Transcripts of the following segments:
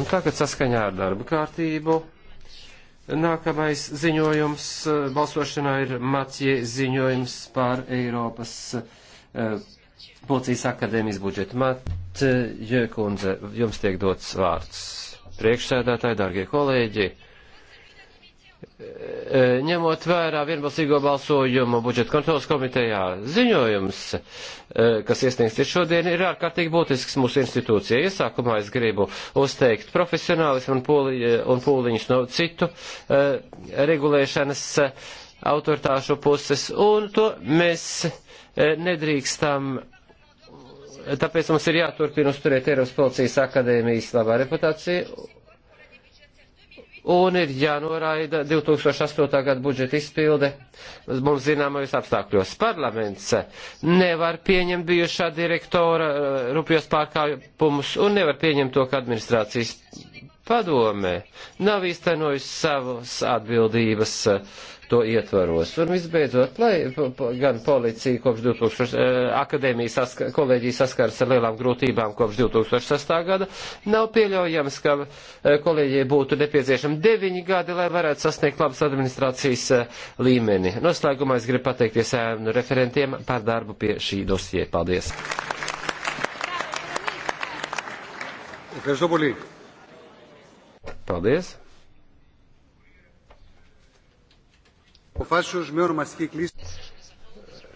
Un tagad saskaņā ar darba kārtību. Nākamais ziņojums eh, balsošanā ir Maķie ziņojums par Eiropas eh, Policijas akadēmijas budžetu. Maķie kundze, jums tiek dots vārds. Priekšsēdētāji, dārgie kolēģi. E, ņemot vērā vienbalsīgo balsojumu budžeta kontrolas komitejā, ziņojums, e, kas iesniegts ir šodien, ir ārkārtīgi būtisks mūsu institūcijai. Iesākumā es gribu uzteikt profesionālismu un, pūli, e, un pūliņus no citu regulēšanas autoritāšu puses, un to mēs nedrīkstam tāpēc mums ir jāturpina uzturēt Eiropas policijas akadēmijas labā reputācija un ir jānoraida 2008. gada budžeta izpilde mums zināmajos apstākļos. Parlaments nevar pieņemt bijušā direktora eh, rupjos pārkāpumus un nevar pieņemt to, ka administrācijas padome nav īstenojusi savas atbildības eh, to ietvaros. Un visbeidzot, lai gan policija kopš 2000, eh, akadēmijas saska, kolēģija saskaras ar lielām grūtībām kopš 2006. gada, nav pieļaujams, ka eh, kolēģijai būtu nepieciešami deviņi gadi, lai varētu sasniegt labas administrācijas līmeni. Noslēgumā es gribu pateikties ēnu referentiem par darbu pie šī dosie. Paldies! Ευχαριστώ πολύ. Paldies!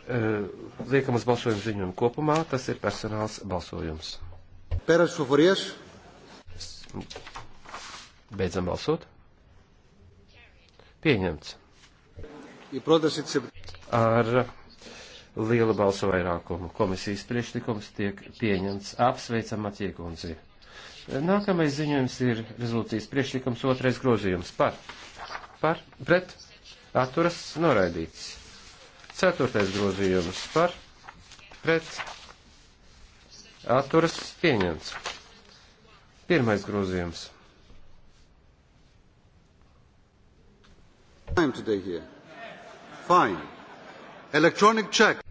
Uh, Liekam uz balsojumu ziņojumu kopumā, tas ir personāls balsojums. Pēras Fufurijas. Beidzam balsot. Pieņemts. Ar lielu balsu vairākumu komisijas priekšlikums tiek pieņemts. Apsveicam Matiekundzi. Nākamais ziņojums ir rezolūcijas priekšlikums otrais grozījums par, par, pret, atturas noraidīts. Ceturtais grozījums par, pret, atturas pieņemts. Pirmais grozījums.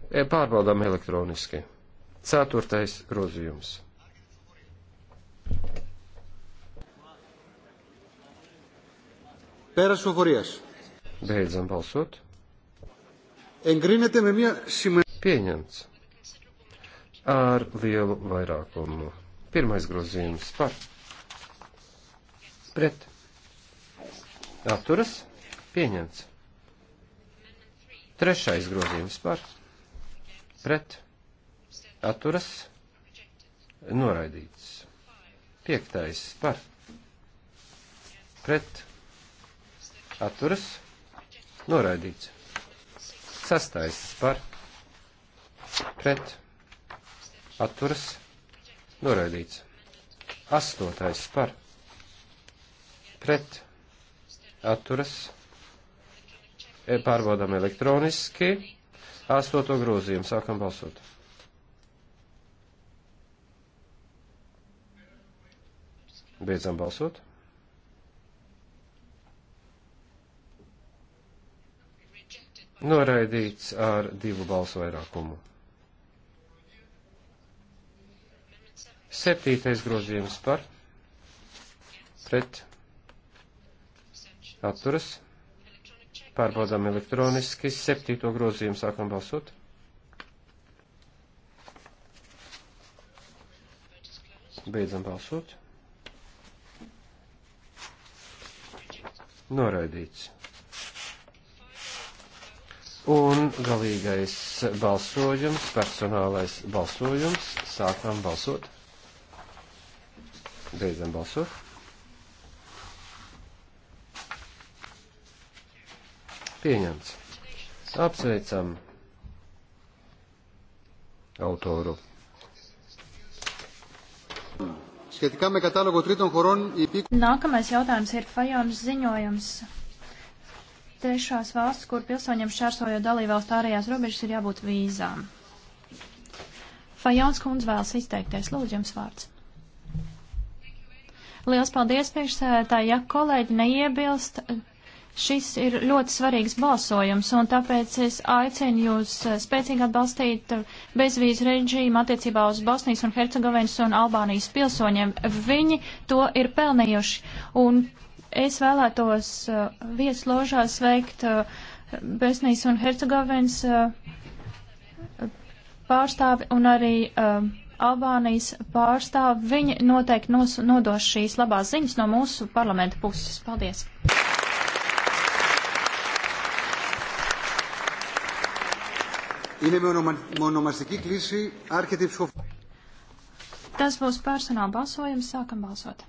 E, pārbaudām elektroniski. Ceturtais grozījums. Πέρας οφορίας. Beidzam balsot. Εγκρίνεται με μια σημαντική. Pieņemts. Ar lielu vairākumu. Pirmais grozījums par. Pret. Atturas. Pieņemts. Trešais grozījums par. Pret. Atturas. Noraidīts. Piektais par. Pret atturas noraidīts. Sastais par pret atturas noraidīts. Astotais par pret atturas e, pārbaudām elektroniski. Astoto grozījumu sākam balsot. Beidzam balsot. Noraidīts ar divu balsu vairākumu. Septītais grozījums par pret atturas. Pārbaudām elektroniski. Septīto grozījumu sākam balsot. Beidzam balsot. Noraidīts. Un galīgais balsojums, personālais balsojums. Sākam balsot. Beidzam balsot. Pieņemts. Apsveicam autoru. Nākamais jautājums ir Fajons ziņojums trešās valsts, kur pilsoņiem šķērsojo dalībvalstu ārējās robežas, ir jābūt vīzām. Fajons kundz vēlas izteikties. Lūdzu, jums vārds. Liels paldies, priekšsēdētāji. Ja kolēģi neiebilst, šis ir ļoti svarīgs balsojums, un tāpēc es aicinu jūs eh, spēcīgi atbalstīt eh, bezvīzu režīmu attiecībā uz Bosnijas un Hercegovinas un Albānijas pilsoņiem. Viņi to ir pelnījuši, un Es vēlētos uh, viesložā sveikt uh, Besnijas un Hercegovins uh, pārstāvi un arī um, Albānijas pārstāvi. Viņi noteikti nos, nodos šīs labās ziņas no mūsu parlamenta puses. Paldies! Είναι με ονομα... μονομαστική κλίση. Άρχεται η ψηφοφορία. Tas būs personāla balsojums. Sākam balsot.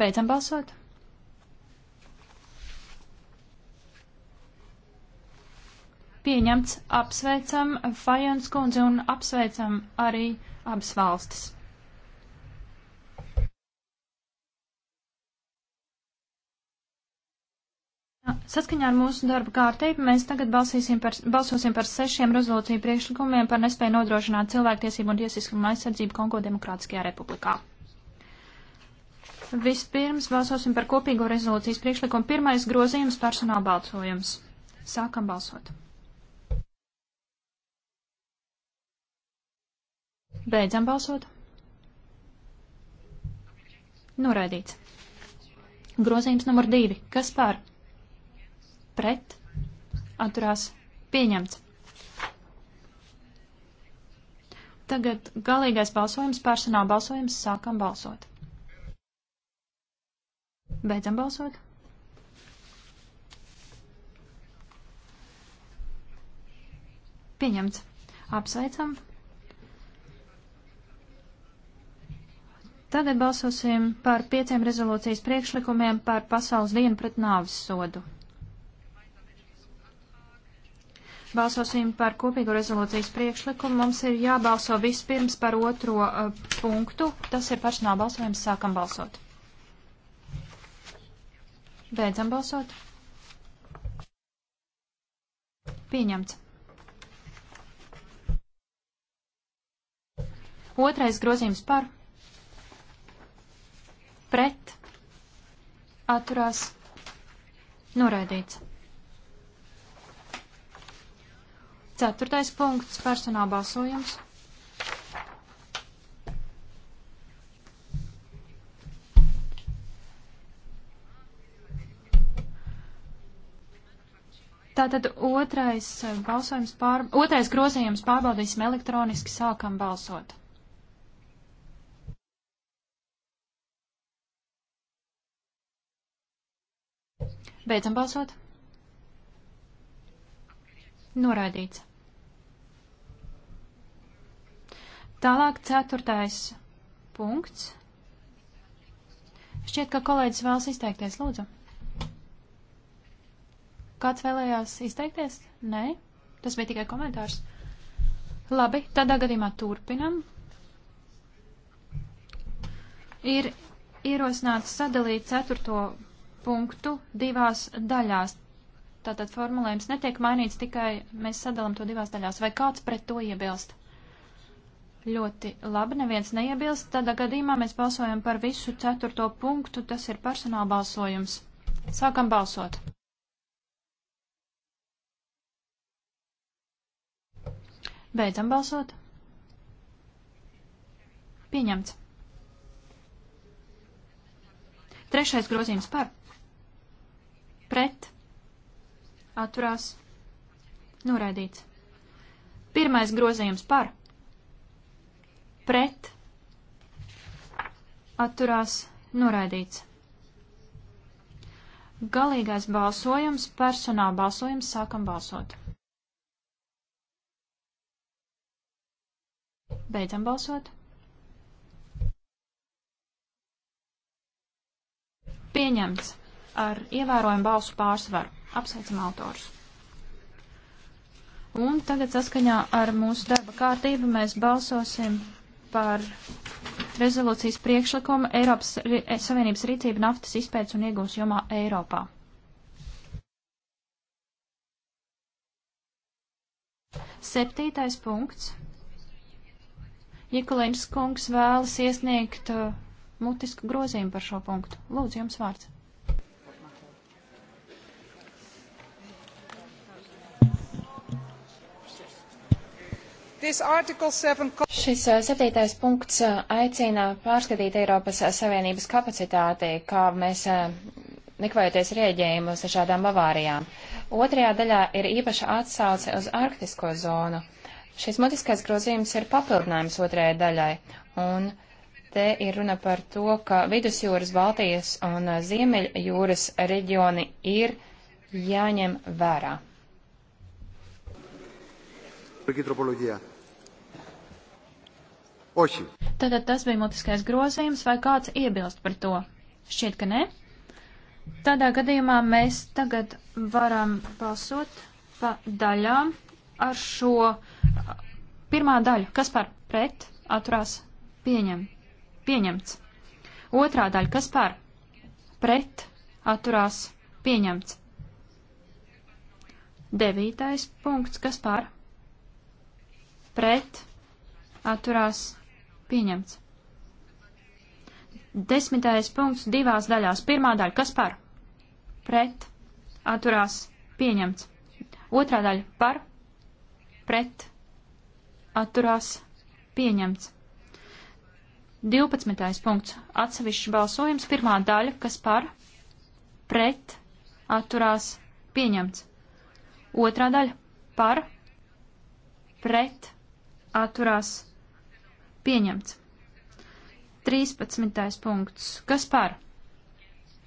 Beidzam balsot. Pieņemts, apsveicam Fajons kundzi un apsveicam arī abas valstis. Saskaņā ar mūsu darba kārtību mēs tagad par, balsosim par sešiem rezolūciju priekšlikumiem par nespēju nodrošināt cilvēktiesību un tiesiskumu aizsardzību Kongo Demokrātiskajā republikā. Vispirms balsosim par kopīgo rezolūcijas priekšlikumu. Pirmais grozījums personāla balsojums. Sākam balsot. Beidzam balsot. Noraidīts. Grozījums numur divi. Kas pār? Pret. Atturās. Pieņemts. Tagad galīgais balsojums, personāla balsojums, sākam balsot. Beidzam balsot. Pieņemts. Apsveicam. Tagad balsosim par pieciem rezolūcijas priekšlikumiem par pasaules dienu pret nāvis sodu. Balsosim par kopīgu rezolūcijas priekšlikumu. Mums ir jābalso vispirms par otro uh, punktu. Tas ir pašnā balsojums. Sākam balsot. Beidzam balsot. Pieņemts. Otrais grozījums par. Pret. Atturās. Noraidīts. Ceturtais punkts - personāla balsojums. Tātad otrais eh, balsojums pār, otrais grozījums pārbaudīsim elektroniski, sākam balsot. Beidzam balsot. Noraidīts. Tālāk ceturtais punkts. Šķiet, ka kolēģis vēlas izteikties, lūdzu. Kāds vēlējās izteikties? Nē, tas bija tikai komentārs. Labi, tādā gadījumā turpinam. Ir ierosināts sadalīt ceturto punktu divās daļās. Tātad formulējums netiek mainīts, tikai mēs sadalām to divās daļās. Vai kāds pret to iebilst? Ļoti labi, neviens neiebilst. Tādā gadījumā mēs balsojam par visu ceturto punktu, tas ir personāla balsojums. Sākam balsot! Beidzam balsot. Pieņemts. Trešais grozījums par. Pret. Atturās. Noraidīts. Pirmais grozījums par. Pret. Atturās. Noraidīts. Galīgais balsojums, personāla balsojums, sākam balsot. Beidzam balsot. Pieņemts ar ievērojumu balsu pārsvaru. Apsveicam autors. Un tagad saskaņā ar mūsu darba kārtību mēs balsosim par rezolūcijas priekšlikumu Eiropas Savienības rīcība naftas izpētes un iegūs jomā Eiropā. Septītais punkts. Nikolēns kungs vēlas iesniegt uh, mutisku grozījumu par šo punktu. Lūdzu, jums vārds. Seven... Šis uh, septītais punkts uh, aicina pārskatīt Eiropas uh, Savienības kapacitāti, kā mēs nekvajoties rieģējumu uz dažādām avārijām. Otrajā daļā ir īpaša atsauce uz arktisko zonu. Šis mutiskais grozījums ir papildinājums otrajai daļai, un te ir runa par to, ka vidusjūras, Baltijas un uh, Ziemeļjūras reģioni ir jāņem vērā. Tātad tas bija mutiskais grozījums, vai kāds iebilst par to? Šķiet, ka nē. Tādā gadījumā mēs tagad varam balsot pa daļām ar šo Pirmā daļa, kas par pret atturās pieņem, pieņemts. Otrā daļa, kas par pret atturās pieņemts. Devītais punkts, kas par pret atturās pieņemts. Desmitais punkts divās daļās. Pirmā daļa, kas par? Pret, atturās, pieņemts. Otrā daļa, par, pret, atturās pieņemts. 12. punkts. Atsevišķs balsojums. Pirmā daļa, kas par pret atturās pieņemts. Otrā daļa par pret atturās pieņemts. 13. punkts. Kas par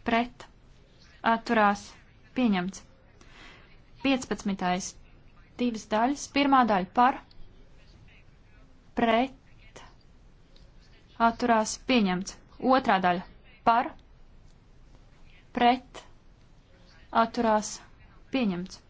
pret atturās pieņemts. 15. divas daļas. Pirmā daļa par pret, atturās pieņemts. Otrā daļa par, pret, atturās pieņemts.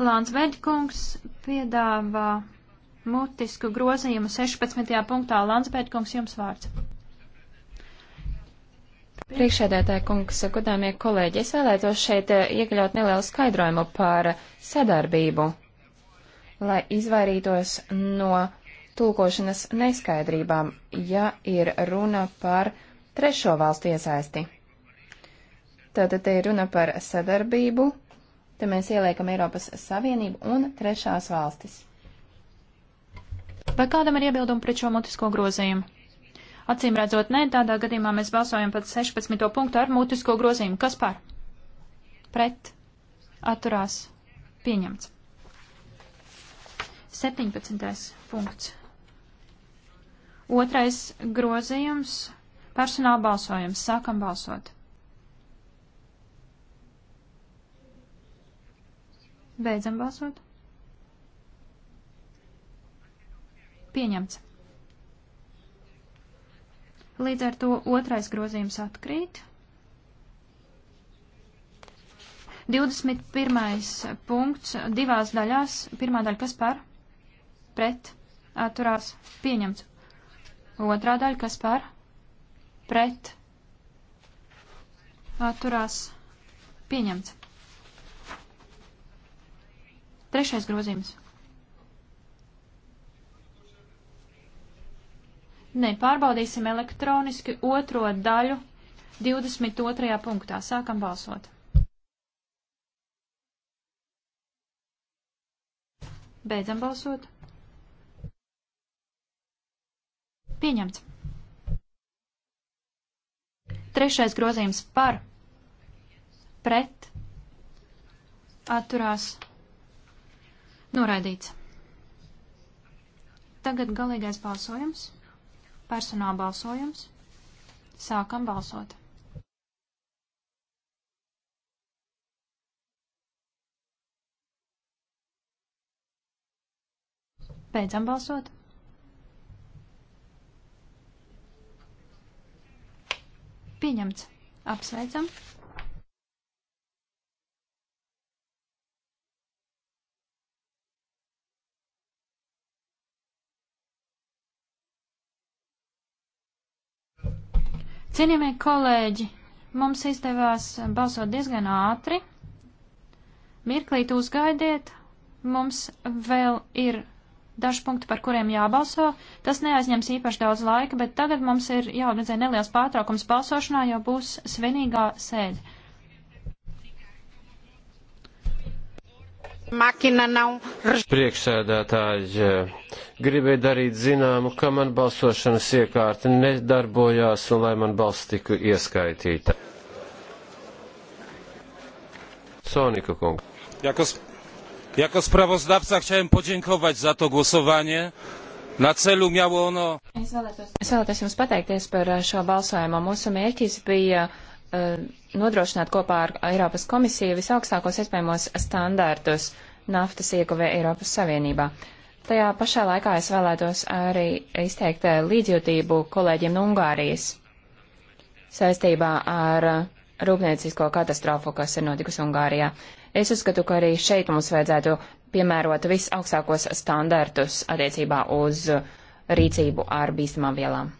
Landsbērģkungs piedāvā mutisku grozījumu 16. punktā. Landsbērģkungs, jums vārds. Priekšēdētāja kungs, godāmie kolēģi, es vēlētos šeit eh, iekļaut nelielu skaidrojumu par sadarbību, lai izvairītos no tulkošanas neskaidrībām, ja ir runa par trešo valstu iesaisti. Tātad te ir runa par sadarbību Te mēs ieliekam Eiropas Savienību un trešās valstis. Vai kādam ir iebildumi pret šo mutisko grozījumu? Acīm redzot, nē, tādā gadījumā mēs balsojam pat 16. punktu ar mutisko grozījumu. Kas par? Pret. Atturās. Pieņemts. 17. punkts. Otrais grozījums - personāla balsojums. Sākam balsot. Beidzam balsot. Pieņemts. Līdz ar to otrais grozījums atkrīt. 21. punkts divās daļās. Pirmā daļa kas par? Pret. Atturās. Pieņemts. Otrā daļa kas par? Pret. Atturās. Pieņemts. Trešais grozījums. Nē, pārbaudīsim elektroniski otro daļu 22. punktā. Sākam balsot. Beidzam balsot. Pieņemts. Trešais grozījums par, pret, atturās Noraidīts. Tagad galīgais balsojums. Personāla balsojums. Sākam balsot. Beidzam balsot. Pieņemts. Apsveicam. Cienījamie kolēģi, mums izdevās balsot diezgan ātri. Mirklīt uzgaidiet, mums vēl ir daži punkti, par kuriem jābalso. Tas neaizņems īpaši daudz laika, bet tagad mums ir jāorganizē neliels pārtraukums balsošanā, jo būs svinīgā sēde. Priekšsēdētāji gribēja darīt zināmu, ka man balsošanas iekārta nedarbojās un lai man balss tiku ieskaitīta. Sonika kungs. Jako, jako sprawozdawca chciałem podziękować za to głosowanie. Na celu miało ono. Es vēlētos, es vēlētos jums pateikties par eh, šo balsojumu. Mūsu mērķis bija uh, Eh, nodrošināt kopā ar Eiropas komisiju visaugstākos iespējamos standārtus naftas iekuvē Eiropas Savienībā. Tajā pašā laikā es vēlētos arī izteikt eh, līdzjūtību kolēģiem no Ungārijas saistībā ar eh, rūpniecisko katastrofu, kas ir notikusi Ungārijā. Es uzskatu, ka arī šeit mums vajadzētu piemērot visaugstākos standartus attiecībā uz rīcību ar bīstamām vielām.